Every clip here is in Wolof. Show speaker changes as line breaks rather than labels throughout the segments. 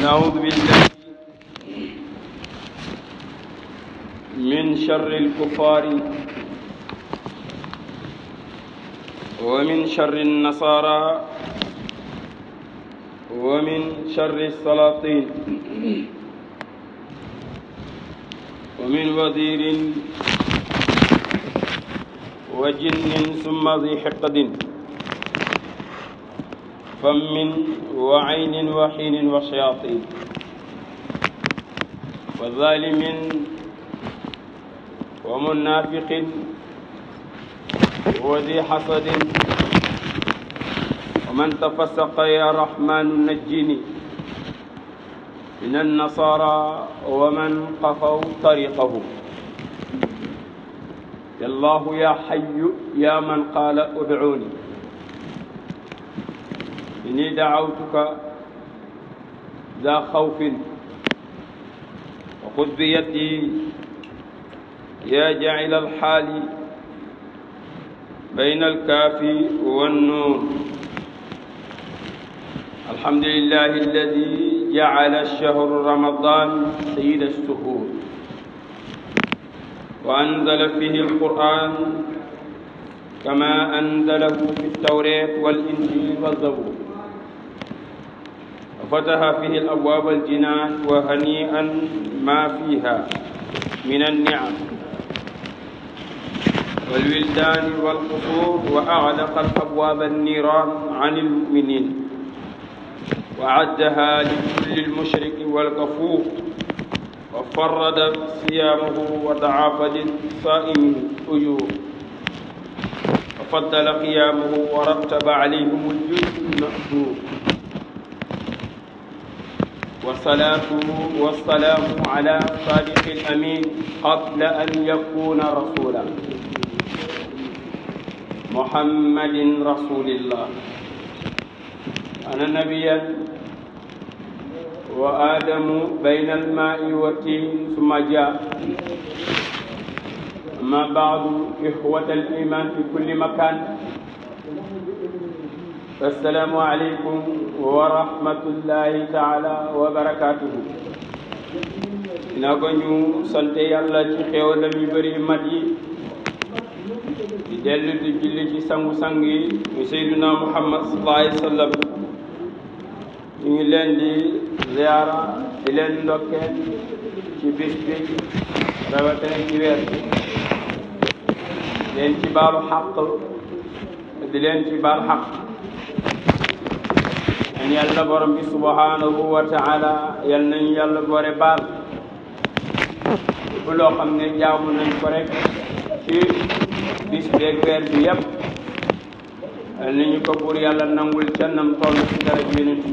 نعوذ بالله من شر الكفار ومن شر النصارى ومن شر السلاطين ومن وزير وجن ثم ذي حقد فم وعين وحين وشياطين وظالم ومنافق وذي حسد ومن تفسق يا رحمن نجني من النصارى ومن قفوا طريقه يا الله يا حي يا من قال ادعوني إني دعوتك ذا خوف وخذ بيدي يا جعل الحال بين الكاف والنون الحمد لله الذي جعل الشهر رمضان سيد الشهور وأنزل فيه القرآن كما أنزله في التوراة والإنجيل والزبور فتح فيه الأبواب الجنان وهنيئا ما فيها من النعم والولدان والقصور وأغلق الأبواب النيران عن المؤمنين وعدها لكل المشرك والكفور وفرد صيامه وضعاف للصائم أجور وفضل قيامه ورتب عليهم الجزء المأجور والصلاة والسلام على صادق الأمين قبل أن يكون رسولا محمد رسول الله أنا نبيا وآدم بين الماء والتين ثم جاء أما بعض إخوة الإيمان في كل مكان assalaamu aleykum wa rahmatullahi taala wa barakaatuhu dina ko ñu sante yàlla ci xéewalam yu bëri mat yi di dellu di julli ci sangu-sang yi mu seyduna muhammad sallallahu alayhi wa sallam ñu ngi leen di ziyaara di leen ndokkeel ci bis bi rawatina ci weer bi leen ci baalu xàq di leen ci baal xàq yàlla borom bi subhanahu wa taala yal nañu yàlla boore baal bu loo xam ne jaamu nañ ko rek ci bis beeg weer bi yëpp ni ñu ko buur yàlla nangul ca nam toll ci dara yonent bi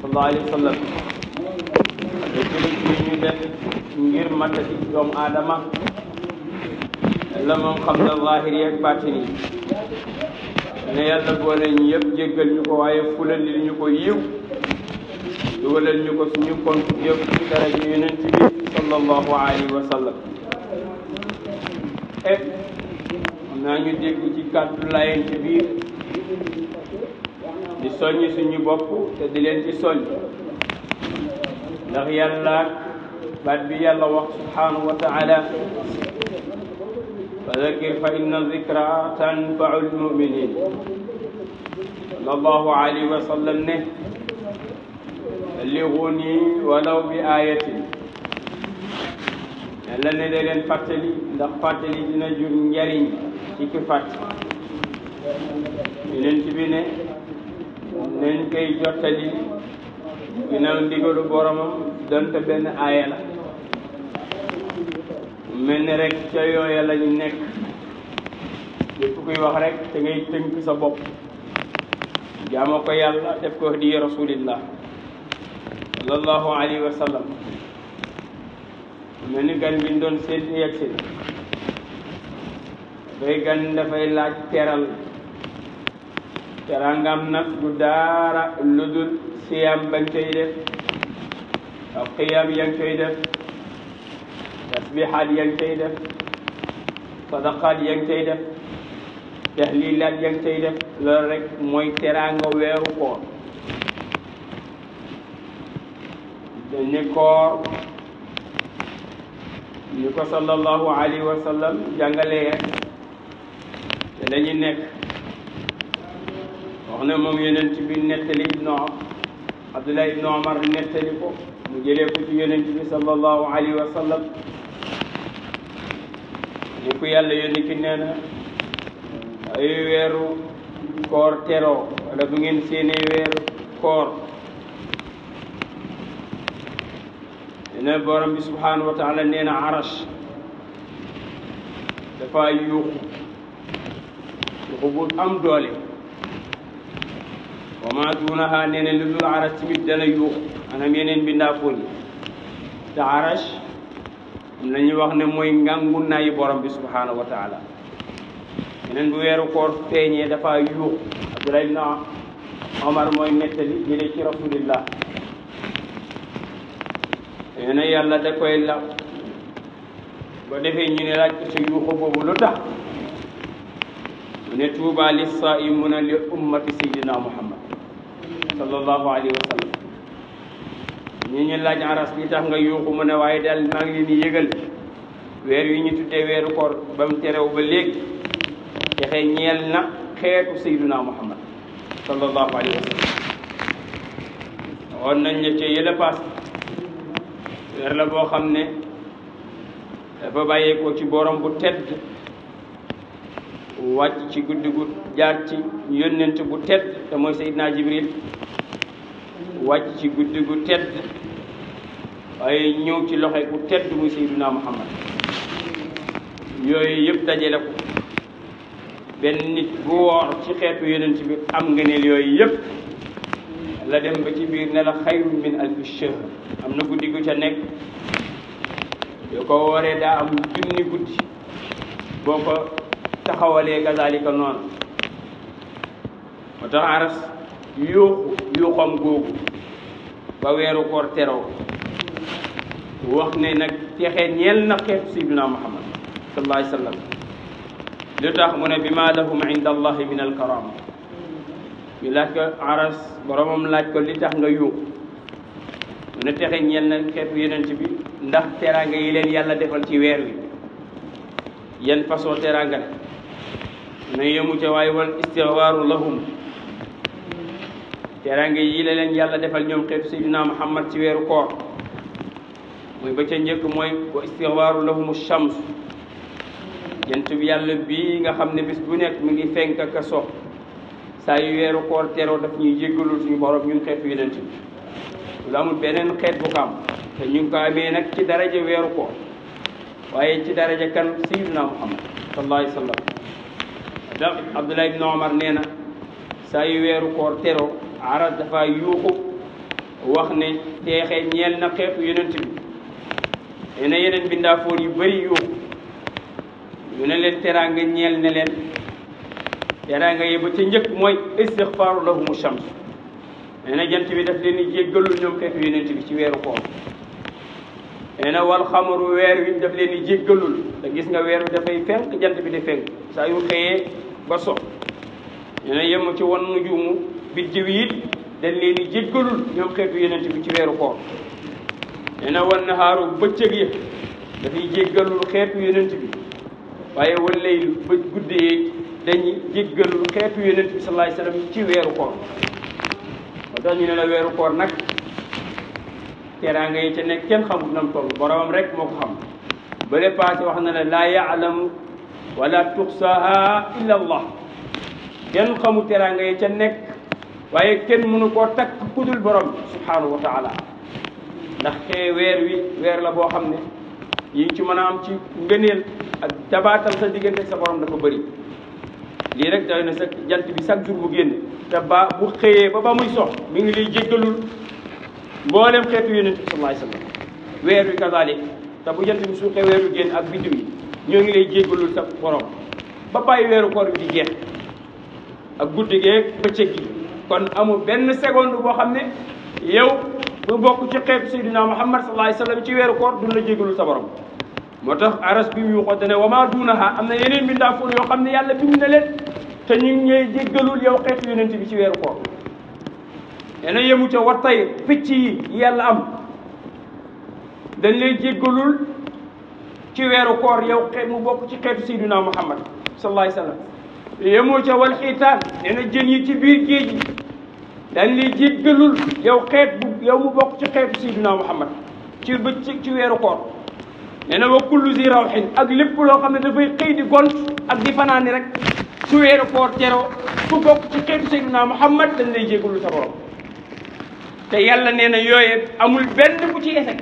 sallallahu alayhi wa sallam te jëlit yi ñu def ngir matta ci doomu aadama la moom xam na zaahir yeeg baatin yi ne yàlla boole ñu yëpp jéggal ñu ko waaye fulal li ñu ko yiw dugalal ñu ko suñu compte yëpp ci daraja yonent bi sallallahu alayhi wa sallam e naa ñu dégg ci kàddu layen ci biir di soññ suñu bopp te di leen ci soññ ndax yàlla bi yàlla wax subhanahu wa taala fa zakir fa inna zikra tanfaul muminin sallallahu alayhi wa sallam ne ballighuni walaw bi ayatin yàlla ne dee leen fàttali ndax fàttali dina jur njariñ ci ki fàtt yeneen ci bi ne nañ koy jottali ginnaaw ndigalu boromam donte benn aaya la mel ne rek ca yooya la nekk lépp kuy wax rekk da ngay tënk sa bopp jaamoo ko yàlla def ko di rasulillah sallallahu alayhi wa sallam mel gan biñ doon seetlu yegg si dafay gan dafay laaj teral terangam nag du daara lu dul siyam ba def ak xiyam ya koy def tasbihaat yaa ngi cay def sadaqaat yaa ngi cay def tahlilaat yaa ngi cay def mooy teraanga weeru koor dañu koor ñu ko sallallahu alayhi wa sallam jàngalee te lañu nekk wax na moom yonent bi nettali ibnu abdullah ibnu omar nettali ko mu jëlee ko ci yonent bi sallallahu alayhi wa ni ku yàlla yónni ki nee na ay wala bu ngeen séenee weeru koor dina borom bi subhanahu wa taala nee na arash dafa am doole wa ma duunaha nee na lu dul arash tamit dana yuuxu anam yeneen bi ndaafoon yi te arash nañu wax ne mooy ngàngu nayi borom bi subhanahu wa taala yeneen bu weeru koor feeñee dafa yuux abdullah ibn omar mooy nettali jële ci rasulillah ñu ne yàlla da koy law ba defee ñu ne laaj ko sa yuuxu boobu lu tax mu ne tuuba li saaimuna li ummati sayyidina muhammad ñi ñu laaj aras li tax nga yuuxu mu ne waaye daal maa ngi leen di yëgal weer yu ñu tuddee weeru koor ba mu terew ba léegi texe ñeel na xeetu sayduna muhammad sallallahu alayhi wa nañ la ca weer la boo xam ne dafa bàyyeekoo ci borom bu tedd wàcc ci guddi gu jaar ci yónnent bu tedd te mooy Seydina Jibril wàcc ci guddi gu tedd waaye ñëw ci loxo ku tedd muy Seydina Muhammad yooyu yëpp dajale ko benn nit bu woor ci xeetu yeneen ci bi am nga ngëneel yooyu yépp la dem ba ci biir ne la xayrun min alfi am na guddi gu ca nekk yoo ko wooree daa am junni guddi boo ko taxawalee kazalika noonu moo tax aras yuuxu yuuxam googu ba weeru koor teroo wax ne nag texe ñeel na xeetu sayyidina muhammad sallallahu alayhi wa sallam lu tax mu ne bi ma lahum inda allahi min alkarama ñu laaj ko aras boromam laaj ko li tax nga yuuxu mu ne texe ñeel na xeetu yonent bi ndax teraanga yi leen yàlla defal ci weer wi yan façon teraanga ne na yemu ca waaye wal istixfaaru lahum teraanga yi la leen yàlla defal ñoom xeetu sayyidina muhammad ci weeru koor muy ba ca njëkk mooy wa istixwaaru lahumu shams jant bi yàlla bii nga xam ne bis bu nekk mu ngi fenk ak a sox saa yu weeru koor teroo daf ñuy jéggalul suñu borom ñun xeetu yonent beneen xeet bu ko am nag ci daraja weeru koor waaye ci daraja kan sayyidina muhammad sallallahu alayhi wa sallam weeru koor teroo aras dafa yuuxu wax ne teexe ñeel na xeetu yonent bi nee na yeneen bindaafoor yu bari yoo ñu ne leen teraanga ñeel ne leen teraanga yi ba ca njëkk mooy istixfaaru lahumu shams nee na jant bi daf leen di jéggalul ñoom xeetu yonent bi ci weeru koor nee wal xamaru weer wi daf leen di jéggalul te gis nga weer wi dafay fenk jant bi di fenk saa yu xëyee ba so nee yem ci wan nu juumu biddiw it dañ leen di jéggalul ñoom xeetu yonent bi ci weeru koor nee na wan nahaaru bëccëg ya dafay jéggalul xeetu yonent bi waaye layl ba guddee dañuy jéggalul xeetu yonent bi sallallahu alayhi wasallam ci weeru koor moo tax ñu ne la weeru koor nag teraanga yi ca nekk kenn xamul nam toll boromam rek moo ko xam bële paase wax na la laa yaalamu wala tuxsaha illa allah kenn xamu teraanga yi ca nekk waaye kenn mënu koo takk kudul borom subhanahu wa taala ndax xee weer wi weer la boo xam ne yi ci mën a am ci ngëneel ak dabaatal sa diggante sa borom dafa bari lii rek doy na sa jant bi chaque jour bu génn te ba bu xëyee ba ba muy sox mi ngi lay jéggalul mboolem xeetu yonent bi sallallahu weer wi kazalik te bu jant bi suuxee ak biddiw yi ngi lay jéggalul sa borom ba bàyyi weeru koor bi di jeex ak guddi gi kon amul benn seconde boo xam ne yow bu bokk ci xeetu seydina muhammad sallallahu alayhi wasallam ci aras bi mu ko dane wama dunaha amna yeneen mbindaafoon yoo yo xamne yàlla bind ne len te ñu ñey jéggalul yow xeetu yonent bi ci wéru koor ene yemu ci wa tay picc yi yàlla am dañ lay jéggalul ci wéru koor yow xeet mu bok ci xeetu sayyidina muhammad sallallahu alayhi wasallam yemu ci wal xiitaan ene na jën yi ci biir géej dañ lay jéggalul yow xeet bu yow mu bokk ci xeetu Seydina Muhammad ci ba ci weeru koor nee na wa kullu zi rawxin ak lépp loo xam ne dafay xëy di gont ak di fanaani rek su weeru koor teroo ku bokk ci xeetu Seydina Muhammad dañ lay jéggalul sa borom te yàlla nee na yooye amul benn bu ci esek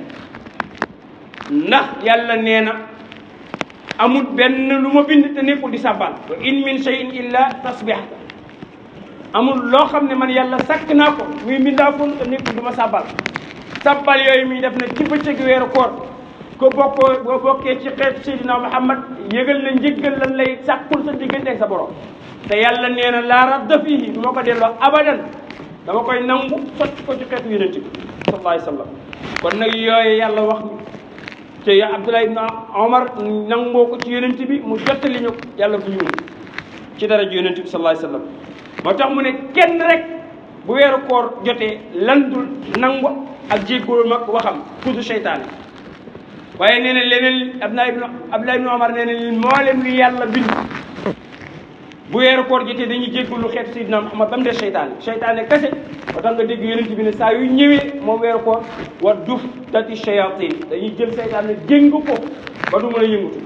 ndax yàlla nee na amul benn lu ma bind te nekkul di sàbbal wa in min cheyin illa tasbihata amul loo xam ne man yàlla sàkk naa ko muy mbindaafoon te nekk du ma sàbbal sàbbal yooyu muy def nag ci bëccëg weeru koor ko bokkoo boo bokkee ci xeet Seydina Muhammad yëgal na njëggal lan lay sàkkul sa digganteeg sa boro te yàlla nee na laa radda fiihi du ma ko delloo abadan dama koy nangu sotti ko ci xeetu yonent bi sallallahu wa sallam kon nag yooyu yàlla wax te Abdullah ibn Omar nangoo ko ci yonent bi mu jottali ñu yàlla bu ñu ci dara ji yonent bi sallallahu wa sallam moo tax mu ne kenn rek bu weeru koor jotee lan dul nangu ak jéggoo mag waxam kudu seytaane waaye nee na leneen Abdullah ibn Abdullah ibn Omar nee na mboolem li yàlla bind bu weeru koor jotee dañuy jéggulu xeet Seydina Muhammad ba mu des seytaane seytaane kese ba tax dégg yonent bi ne saa yu ñëwee moom weeru koor duf dati shayatin dañuy jël seytaane jéng ko ba du mën a yëngutu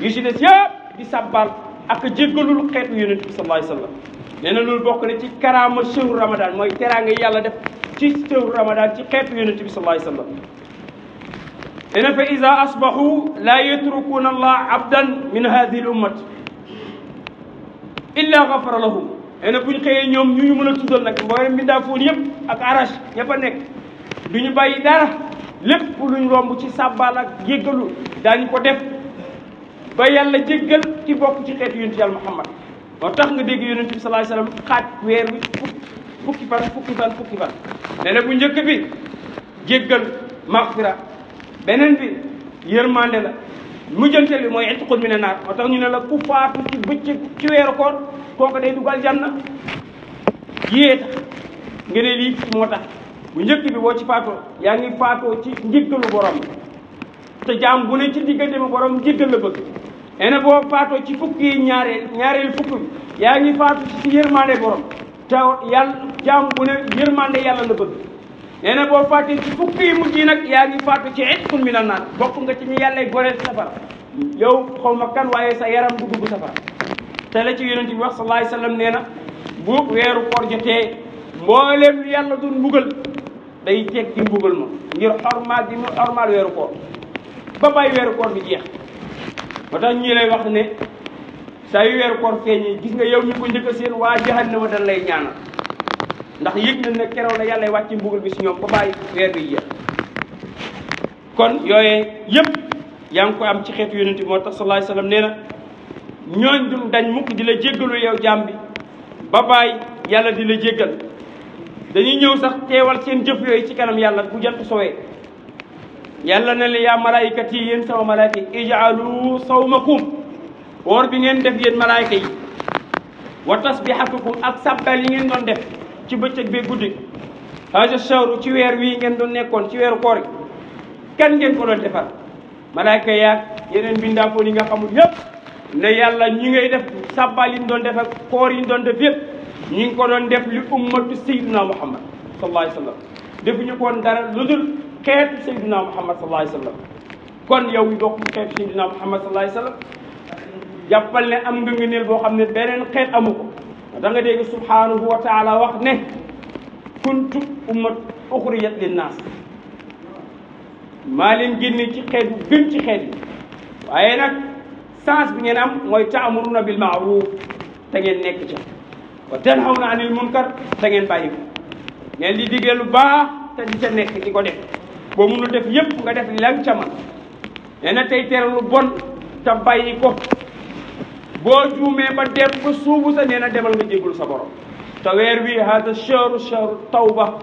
yu si des yëpp di sabbal ak jéggalul xeetu yonent bi sallallahu alayhi nee na loolu bokk na ci karaama sëru ramadan mooy teraanga yàlla def ci sëru ramadan ci xeetu yonent bi sallallahu alayhi wasallam dena fa ida asbahu la yatrukuuna allah abdan min hadihi l ummat illa gafara lahum nee na buñ xëyee ñoom ñu ñu mën a tuddal nag mboolem mbindaa foon yëpp ak arach ñëpp a nekk du ñu bàyyi dara lépp luñ romb ci sàbbaal ak jéggalu daañu ko def ba yàlla jéggal ci bokk ci xeetu yonent yàlla muhammad moo tax nga dégg yonent bi sallallahu alayhi wasallam xaaj weer wi fukki fan fukki fan fukki fan nee na bu njëkk bi jéggal maxfira beneen bi yërmande la mujjanteel bi mooy itqun mina naar moo tax ñu ne la ku faatu ci bëccëg ci weeru koor kooku day dugal janna yee tax nga ne lii moo tax bu njëkk bi boo ci faatoo yaa ngi faatoo ci njëggalu borom te jaam bu ne ci diggante ma borom njëggal la bëgg ene boo faatoo ci fukki ñaareel ñaareel fukk bi yaa ngi faatu ci yërmande borom te yàlla jaam bu ne yërmande yàlla la bëgg nee na boo faatee ci fukki mujj yi nag yaa ngi faatu ci itqun mina naar bokk nga ci ñu yàllay goreel safara yow xaw ma kan waaye sa yaram du dugg safara te la ci yonent bi wax sallallahu alayhi wasallam nee na bu weeru koor jotee mbooleem lu yàlla doon mbugal day teg di mbugal ma ngir xormaal di mu xormaal weeru koor bi jeex ba tax ñu lay wax ne saa yu weeru koor feeñee gis nga yow ñu ko njëkk seen waa jahannama dañ lay ñaanal ndax yëg na ne keroog la yàlla wàcc mbugal bi si ñoom ba bàyyi weer bi jeex kon yooyee yëpp yaa ngi ko am ci xeetu yonent bi moo tax sallallahu alayhi nee na ñooñ dum dañ mukk di la jéggalu yow jaam bi ba bàyyi yàlla di la jéggal dañuy ñëw sax teewal seen jëf yooyu ci kanam yàlla bu jant sowee yàlla na la yaa malaaykat yi yéen sama malaayka yi ijaalu sawmakum woor bi ngeen def yéen malaayka yi wa tasbihatukum ak sabbal yi ngeen doon def ci bëccëg bee guddi haja shawru ci weer wii ngeen doon nekkoon ci weeru koor kan ngeen ko doon defar malaayka yaag yeneen bindaafoon yi nga xamul yépp ne yàlla ñi ngay def sabbal yi ñu doon def koor yi ñu def yépp ñi ngi ko doon def li ummatu sayyidina muhammad sallallahu alayhi wa sallam defuñu dara lu كيف سيدنا محمد صلى الله عليه وسلم كون يو يوك كيف سيدنا محمد صلى الله عليه وسلم يابال ني ام غي نيل بو خامني بنين خيت امو داغا ديغ الله وتعالى واخ ني كنت امه اخريت للناس ما لين جيني تي خيت بيم تي خيت وايي نك سانس بي نين ام موي تامرون بالمعروف تاغين نيك تي وتنهون عن المنكر تاغين بايكو نين لي يعني ديغلو با تا ديتا نيك ديكو ديك boo mënul def yépp nga def lan ca man nee na tey tere lu bon te bàyyi ko boo juumee ba dem ba suubu sa nee demal nga jégul sa borom te weer wi hada shahru shahru tawba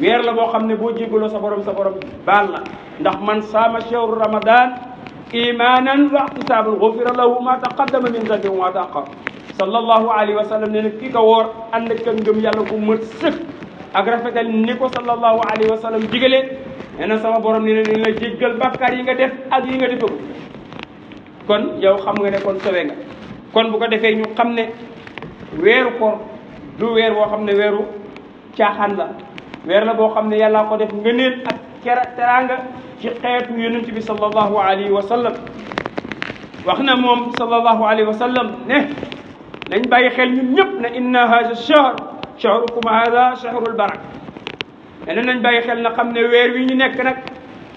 weer la boo xam ne boo jéggaloo sa borom sa borom baal la ndax man saama shahru ramadan imanan wa ihtisaban gufira lahu ma taqaddama min dambi wa ma taaxar sallallahu alayhi wa sallam nee na kii ko woor ànd ak ngëm yàlla ku mët sëkk ak rafetal ni ko sallallahu alayhi wa sallam digalee nee na sama borom nee na la jéggal bàkkaar yi nga def ak yi nga defagu kon yow xam nga ne kon sowe nga kon bu ko defee ñu xam ne weeru koor du weer woo xam ne weeru caaxaan la weer la boo xam ne ko def ngëneel ak kera teraanga ci xeetu yonent bi sallallahu alayhi wa sallam wax na sallallahu alayhi wa sallam ne nañ bàyyi xel ñun ñëpp ne inna haza shahr شهركم هذا شهر البركة أنا نبي خلنا خمنا وير وين نكنك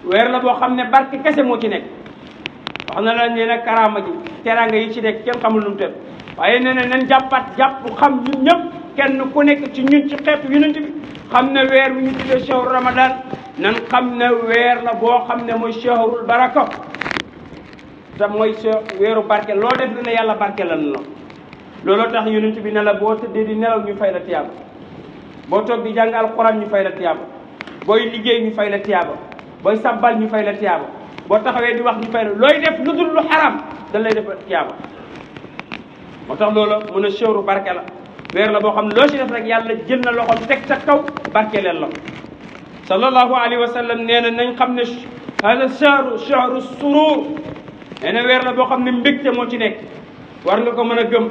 وير لبوا خمنا بركة كسر موجينك وحنا لنا كرامة جي ترى عن يشي ده كم كم لنتر أنا أنا نجبت جب خم ينب كن نكونك تنين تكيب ينتبه خمنا وير وين تبي شهر رمضان نن خمنا وير لبوا خمنا مو شهر البركة تموي شهر وير البركة لودة يلا بركة لنا lolo tax yonent bi ne la boo tëddee di nelaw ñu fay la tiyaaba bo tok di jàng alquran ñu fay la tiyaaba boy liggey ñu fay la tiyaaba boy sabbal ñu fay la tiyaaba bo taxawé di wax ñu fay la looy def ludul lu haram dañ lay def tiyaaba moo tax loola mun a sóoru barke la wer la bo xam lo ci def rek yàlla jël na loxoom tek sa kaw barke len la sallallahu alaihi wasallam neena nañ xam ne hada shahru shahru surur nee na weer la boo xam ne mbégte moo ci nekk war nga ko mën a gëm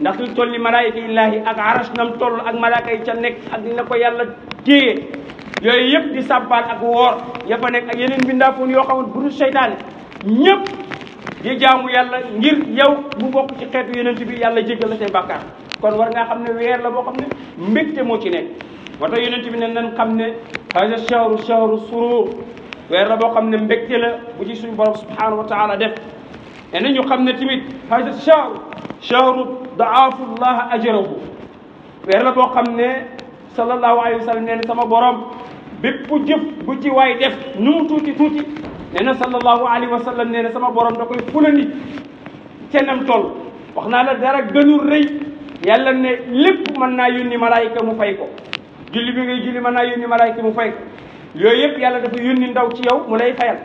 ndax lu toll ni malaayika illaahi ak aras nam toll ak malaaka yi ca nekk ak dina ko yàlla téye yooyu yëpp di sàbbaal ak woor ya fa nekk ak yeneen bindaafoon yoo xamul bu dul seytaane ñëpp di jaamu yàlla ngir yow mu bokk ci xeetu yeneen bi yàlla jéggal la say kon war ngaa xam ne weer la boo xam ne mbégte moo ci nekk wata yonent bi ne nan xam ne haja shahru shahru surur weer la boo xam ne mbégte la bu ci suñu borom subhanahu def et nañu xam ne tamit hada shahru shahru daafullah ajrahu weer la boo xam ne sallallahu alayhi wa sallam nee na sama borom bépp jëf bu ci waay def nu mu tuuti tuuti nee na sallallahu alayhi wa sallam nee na sama borom da koy fulandi cennam toll wax naa la dara gënul rëy yàlla ne lépp mën naa yónni malaayika mu fay ko julli bi ngay julli mën naa yónni malaayika mu fay ko yooyu yëpp yàlla dafa yónni ndaw ci yow mu lay fayal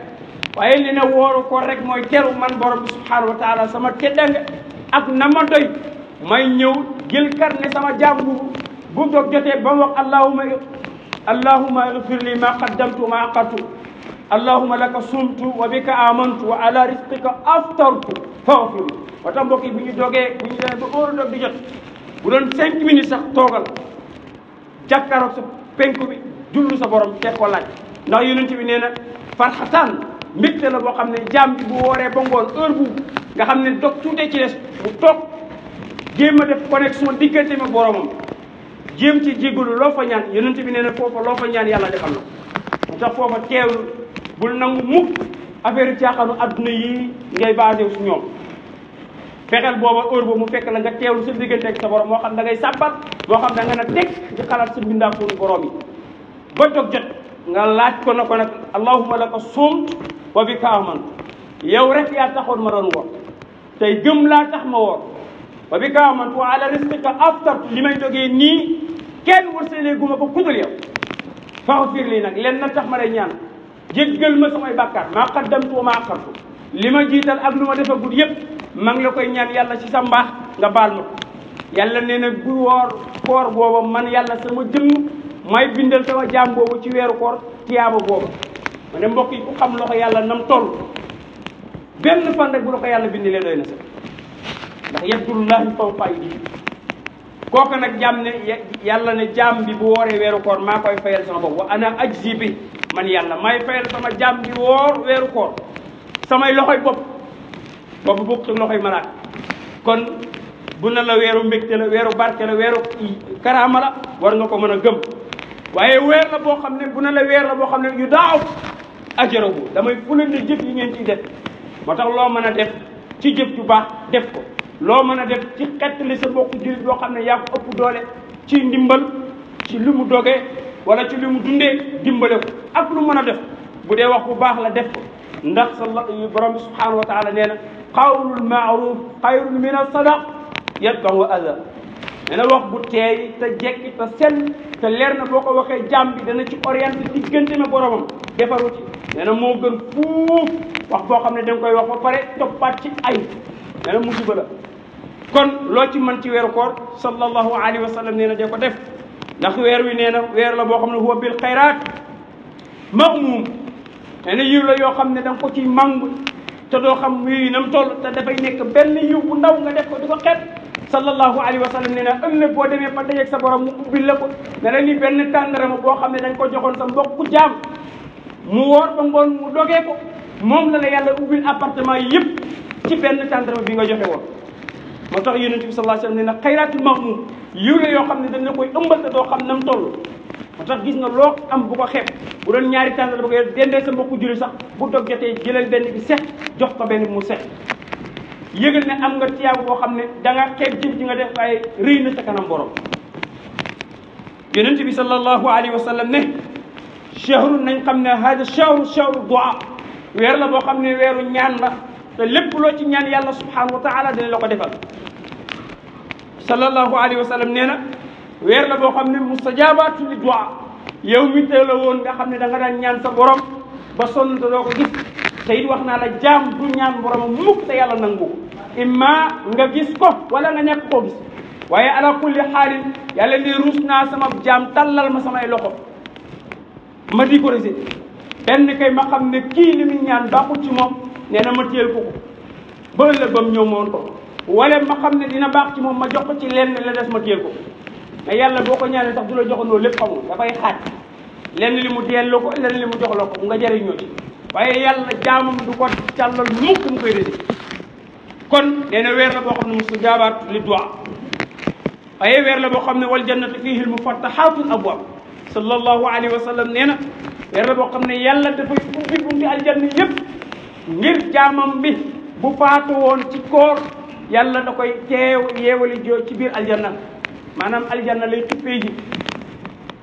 wa li ne wooru koor mooy teru man borom bi subhanahu wa taala sama teddanga ak na ma doy may ñëw jël karne sama jaam bu dog jotee ba mu wax allahuma allahuma li ma qaddamtu wa ma aqartu allahuma laka sumtu wa bika amantu wa ala risqika aftartu faghfir wa tax mbokk yi bu ñu bu ñu dog jot bu doon cinq minutes sax toogal jàkkaaroog sa penku bi jullu sa borom teg ko laaj ndax yonent bi nee farxataan mbégte la boo xam ne jaam bi bu wooree ba ngoon heure bu nga xam ne dog tuutee ci des mu toog jéem a def connexion diggante ma boromam jéem ci jéggalu loo fa ñaan yonent bi nee na foofa loo fa ñaan yàlla defal na mu tax foofa teewlu bul nangu mukk affaire caaxaanu adduna yi ngay basé su ñoom fexel booba heure boobu mu fekk la nga teewlu sa diggante ak sa borom moo xam da ngay sàbbat moo xam da nga na teg nga xalaat sa mbindaa borom yi ba dog jot nga laaj ko na ko nag allahuma laka sumtu wa bi kaaw man yow rek yaa taxoon ma doon woor tey gëm laa tax ma woor wa bi kaaw man wa ala risqika aftartu li may joge nii kenn wërsëlee guma ko kudul yow faxfir lii nag leen na tax ma lay ñaan jéggal ma samay bàkkaar maa qaddamtu wa maa axartu li ma jiital ak lu ma defagul yépp maa la koy ñaan yàlla ci sa mbaax nga baal ma ko yàlla nee na bu woor koor booba man yàlla sama jëmm may bindal sama jaam boobu ci weeru koor tiyaaba booba mané ne mbokk yi ku xam loxo yalla nam toll benn fan rek bu loxo yalla bindi leen doyna sa ndax yadullahi fawqa aydihi koko nak jam ne yalla ne jam bi bu woré wéru koor ma koy fayal sama bokk wa ana ajzi bi man yalla, may fayal sama jam bi wor wéru koor sama loxoy bop bu ko loxoy malaak kon bu na la wéru mbékté la wéru barké la wéru karama la war nga ko mëna gëm waye wér la bo xamné bu na la wér la bo xamné yu daaw ajarawu damay fulande jëf yi ngeen ciy def moo tax loo mën a def ci jëf ju baax def ko loo mën a def ci xettali sa mbokku jullit loo xam ne yaa ko ëpp doole ci ndimbal ci li mu dogee wala ci li mu dundee dimbale ko ak lu mën a def bu dee wax bu baax la def ko ndax sa eh, borom bi subhanahu wa taala nee na qawlul maaruf xayrun min ya yatbahu ada nee na wax bu teey te jekki te sell te leer na boo ko waxee jàmm bi dana ci orienté diggante na boromam defaru ci nee na moo gën fuuf wax boo xam ne da nga koy wax ba pare toppaat ci ay nee na musiba la kon loo ci mën ci weeru koor sallallahu alayhi wa sallam nee na de ko def ndax weer wi nee na weer la boo xam ne huwa bil xayraat mamuum nee na yiw la yoo xam ne da nga ko ciy te doo xam yiw yi nam toll te dafay nekk benn yiw bu ndaw nga def ko di ko xeet sallallahu alayhi wa sallam nee na ëllëg boo demee ba dajeeg sa borom mu ubbil la ko ne la ni benn tàndarama boo xam ne dañ ko joxoon sa ku jaam mu woor ba ngoon mu dogee ko moom la la yàlla ubbil appartement yi yëpp ci benn tàndarma bi nga joxe woon moo tax yonent bi sa alayhi ne na xayraatul mahmum yiw yoo xam ne dañ la koy ëmbal te doo xam nam toll moo gis nga loo am bu ko xeeb bu doon ñaari tàndar ba ko yor dendee sa mbokku julli sax bu dog jotee jëlal benn bi seex jox ko benn bi mu set yëgal ne am nga tiyaabu boo xam ne danga nga xeeb jëf ji nga def waaye rëy na sa kanam borom yonent bi sallallahu alayhi wasallam ne chahru nañ xam ne haada chahru chahru du'a weer la boo xam ne weeru ñaan la lépp loo ci ñaan yàlla subhanahu wa taala dina la ko defal sallallahu alayhi wa nee na weer la boo xam ne mustajabaatu li du'a yow mi teel a woon nga xam ne da daan ñaan sa borom ba sonn te ko gis te wax naa la jaam du ñaan boromam mukk te yàlla nangu imma nga gis ko wala nga ñàkk koo gis waaye ala kulli xaalin yàlla ne ruus naa sama jaam tallal ma samay loxo ma di ko rése benn kay ma xam ne kii li muy ñaan baaxul ci moom nee na ma téyel ko ko ba ëllëg bam ñëw ko wala ma xam ne dina baax ci moom ma jox ko ci lenn la des ma téyel ko mais yàlla boo ko ñaanee sax du la joxandoo lépp xamul dafay xaaj lenn li mu delloo ko lenn li mu jox la ko nga jëriñoo ci waaye yàlla jaamam du ko càllal mukk mu koy rése kon nee na weer la boo xam ne musu jaabaat li duwaa waaye weer la boo xam ne wal jannatu fiihi l mufattahaatu l abwaab sallallahu alayhi wa sallam nee na weer boo xam ne yàlla dafay ubbi bunti aljanna yëpp ngir jaamam bi bu faatu woon ci koor yàlla da koy teew yeewali ci biir aljanna maanaam aljanna lay xippee ji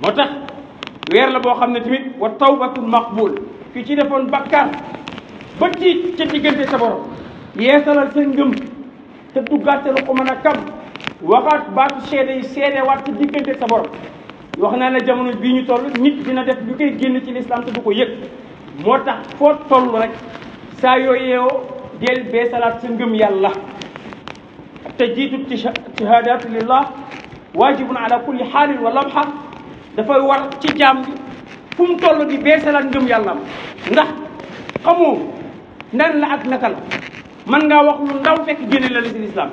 moo tax weer la boo xam ne tamit wa tawbatul maqbul ki ci defoon bakkaar ba ci ca diggante sa borom yeesalal sa ngëm te duggaate lu ko mën a kam waxaat baatu seede yi seede waat ci diggante sa wax naa ne jamono bii ñu toll nit dina def lu koy génn ci lislaam te du ko yëg moo tax foo toll rek saa yoo yeewoo del bee salaat sa ngëm yàlla te jiitu tihaadaatu lillah waajibun ala kulli xaalin wa lamxa dafay war ci jaam bi fu toll di bee salaat ngëm yàlla ndax xamoo nan la ak naka la mën ngaa wax lu ndaw fekk génne la la si lislaam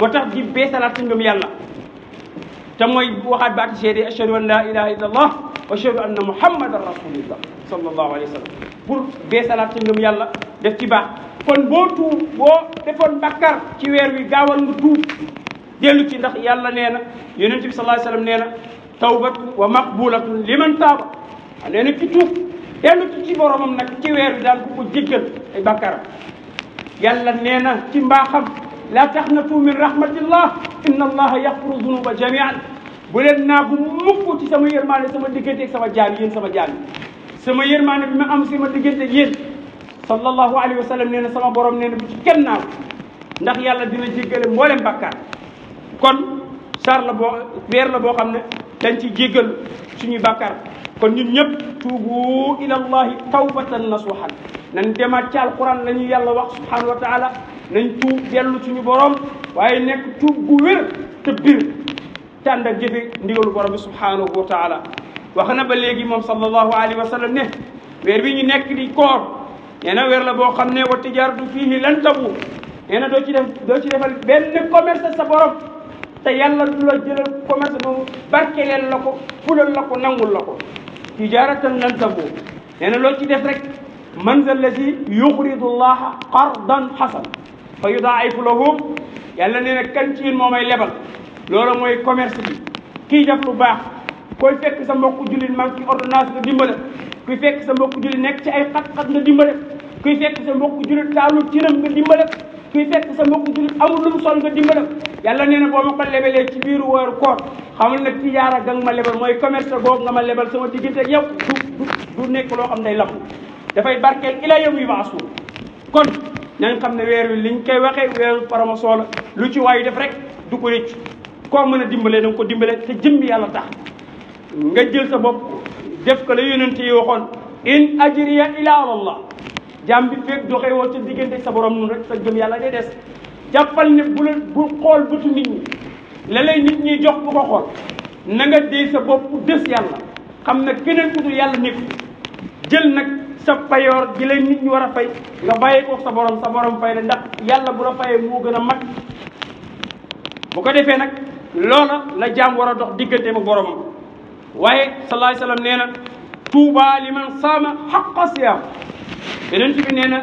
moo tax di bee salaat sa ngëm yàlla تموي واحد بعد شهري أشهد أن لا إله إلا الله وأشهد أن محمد رسول الله صلى الله عليه وسلم بور بيسالة تنم يلا دفتبا كون بوتو بو تفون بكر كيوير وي غاوان دو ديلو تي نخ يلا نينا يونتي صلى الله عليه وسلم نينا توبة ومقبولة لمن تاب نينا كتوب يلو تي تي بورو مم نك كيوير دان كوكو جيجل اي بكر يلا نينا تي مباخم la taxnatu min rahmatillah inna allaha yaxfiru dunuba jamian bu leen naagu mukk ci sama yërmaane sama diggante ak sama jaam yéen sama jaam sallallahu alayhi wa sallam nee na sama borom nee na bu ci kon sar la boo weer la boo xam ne dañ kon ñun ñëpp tuubu ila allahi tawbatan nasuhan alquran la ñu yàlla wax taala nañ tuub dellu suñu borom waaye nekk tuub gu wér te bir te ànd ak jëfe ndigalu borom bi subhanahu wa taala wax na ba léegi moom sallallahu alayhi wa sallam ne weer bi ñu nekk di koor nee na weer la boo xam ne wa tijaaratu fiihi lan tabu nee na doo ci def doo ci defal benn commerce sa borom te yàlla du la jëlal commerce boobu barkeleel la ko fulal la ko nangul la ko tijaaratan lan tabu nee na loo ci def rek man za allazi yuqridu llaha qardan xasana fa yudaa'ifu lahum yàlla nee na kan ci yéen moo may lebal loolu mooy commerce bi kii def lu baax koy fekk sa mbokk jullit man ci ordonnance nga dimbale kuy fekk sa mbokk jullit nekk ci ay xat-xat nga dimbale kuy fekk sa mbokk jullit taalul cëram nga dimbale kuy fekk sa mbokk jullit amul lu mu sol nga dimbale yàlla nee na boo ma ko lebelee ci biiru weeru koor xamal nag ci yaara gang ma lebal mooy commerce googu nga ma lebal sama diggante ak yow du du du nekk loo xam day lamb dafay barkeel ila yow yi baasul kon nañ xam ne weer wi liñ koy waxee weeru promotion la lu ci waayu def rek du ko rëcc koo mën a dimbalee na nga ko dimbale te jëmbi yàlla tax nga jël sa bopp def ko la yonent yi waxoon in ajriya ila la jàmm bi fekk doxee woo ca diggante sa borom noonu rek sa jëm yàlla day des jàppal ne bu la bu xool bu nit ñi la lay nit ñi jox bu ko xool na nga dee sa bopp des yàlla xam ne keneen ku yàlla nekk jël nag sa payoor gi leen nit ñu war a fay la bàyyi ko sa borom sa borom fay la ndax yàlla bu la fayee moo gën a mag bu ko defee nag loola la jaam war a dox diggante ma boromam waaye salaay salaam nee na tuuba li man saama xaqa siyaam beneen bi nee na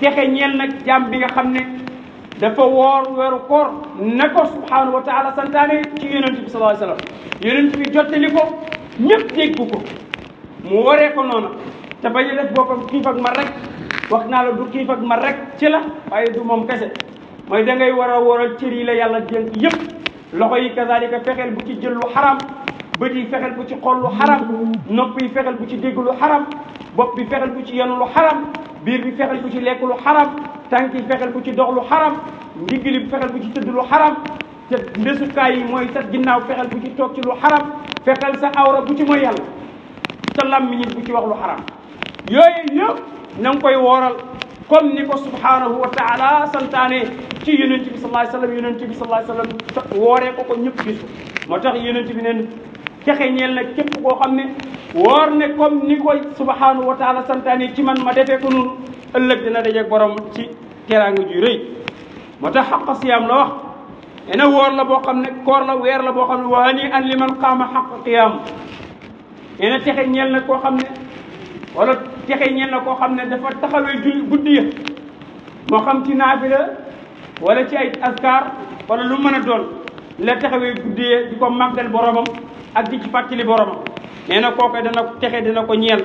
texe ñeel nag jaam bi nga xam ne dafa woor weeru koor na ko subhanahu wa taala santaane ci yonent bi salaay salaam jot bi jottali ko ñëpp dégg ko moo waree ko noonu te ba ñu def boppam kiif ak mar wax naa la du kiif ak mar ci la waaye du moom kese mooy da ngay war a waral cër yi la yàlla dénk yëpp loxo yi kazalika fexeel bu ci jël lu xaram bët yi fexeel bu ci xool lu xaram nopp yi bu ci dégg lu xaram bopp bi fexeel bu ci yenu lu xaram biir bi fexeel bu ci lekk lu xaram tànk yi fexeel bu ci dox lu xaram ndigg li fexeel bu ci tëdd lu xaram te ndesukaay yi mooy sat ginnaaw fexeel bu ci toog ci lu xaram fexeel sa awra bu ci mooy yàlla sa làmmiñit bu ci wax lu xaram yooyu yëpp na nga koy wooral comme ni ko subhanahu wa taala santaane ci yonent bi sallallahu alayhi wasallam yonent bi sallallahu alayhi wasallam wooree ko ko ñëpp gisu moo tax yonent bi neen texe ñeel na képp koo xam ne woor ne comme ni ko subhanahu wa taala santaane ci man ma defee ko noonu ëllëg dina dajeeg borom ci teraanga ju rëy moo tax xaqa siyaam la wax nee na woor la boo xam ne koor la weer la boo xam ne waa nii an li man qaama xaqa qiyaam nee na texe ñeel na koo xam ne wala texe ñeel na koo xam ne dafa taxawee julli guddi ya moo xam ci naafila wala ci ay askar wala lu mën a doon la taxawee guddi ya di ko màggal boromam ak di ci fàttali boromam nee na kooku dana texe dana ko ñeel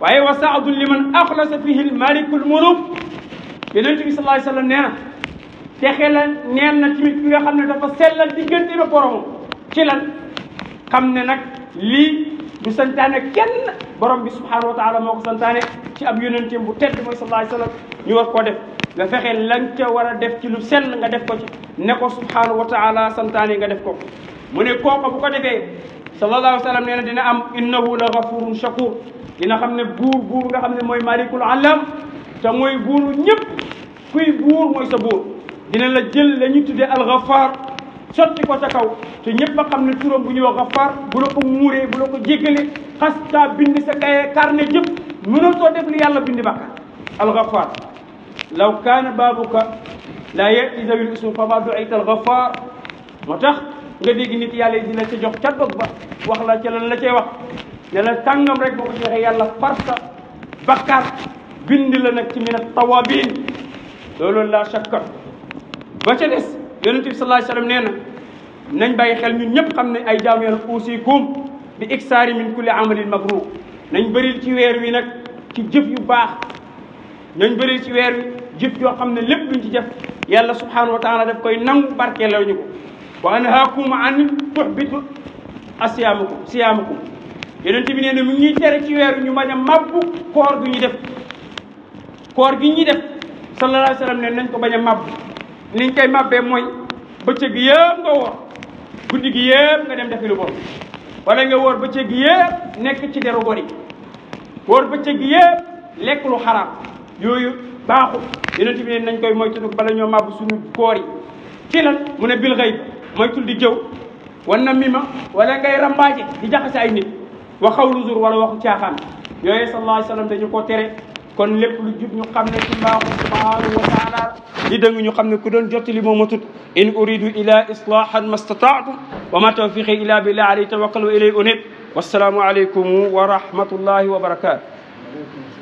waaye wa saadun liman axlasa fihi almalikul muluk yonent bi sallallahu alayhi wasallam nee na texe la neen na tamit ki nga xam ne dafa sellal diggante ba boromam ci lan xam ne nag lii du santane kenn borom bi subhanahu wa taala moko santane ci ab yonenteem bu tedd moy sallallahu alayhi wasallam ñu war koo def nga fexe lañ ca wara def ci lu sel nga def ko ci ne ko subhanahu wa taala santane nga def ko mu ne kooku bu ko defee sallallahu alayhi wa sallam dina am innahu la gafurun shakur dina xam ne buur nga xam ne malikul alam te mooy buuru ñëpp kuy buur mooy sa buur dina la jël la ñu tuddee alxafar sotti ko sa kaw te ñëpp a xam ne turam bu ñuy wax Gafaar bu la ko muuree bu la ko jéggale xas daa bind sa kaye carnet yëpp mënatoo def li yàlla bind bakka algafaar law kaana baabuka laa yati zawil usm fa ma duayta algafaar moo tax nga dégg nit yàlla yi dina ca jox ca dog ba wax la ca lan la cay wax ne la tàngam rek boo ko joxee yàlla farsa bakkaar bind la nag ci min at-tawaabiin loolu la shakka ba ca des yonent bi sallallahu alayhi wa sallam nee na nañ bàyyi xel ñun ñëpp xam ne ay jaam yàlla uusikum bi iksaari min kulli amalin makruh nañ bëril ci weer wi nag ci jëf yu baax nañ bëril ci weer wi jëf yoo xam ne lépp luñ ci def yàlla subhanahu wa taala daf koy nangu barkeeloo ñu ko wa anhaakum an tuhbitu asiyaamakum siyaamakum yonent bi nee na mu ngi ñuy tere ci weeru ñu bañ a mabbu koor gi ñu def koor gi ñuy def sallallahu alayhi wa sallam ne nañ ko bañ a mabbu niñ koy mabbee mooy bëccëg yëpp nga woor guddi gi yëpp nga dem defi lu bon wala nga wóor bëccëg gi yëpp nekk ci deru gor yi wóor bëccëg gi yëpp lekk lu xaraam yooyu baaxul yonent bi ne nañ koy moytu bala ñoo màbbu suñu koor yi ci mu ne bil xëy moytul di jëw wa na mima wala ngay rambaaje di jaxase ay nit wa xawlu zur wala waxu caaxaan yooyu sallallahu alayhi wa sallam dañu ko tere kon lépp lu jub ñu xamne ci maahu subhanahu wa taala di dëng ñu xamne ku doon jottali moo matut in uridu ila islahan mastata'tu wa ma tawfiqi ila billahi alayhi tawakkal wa ilay unib wassalamu alaykum wa rahmatullahi wa barakatuh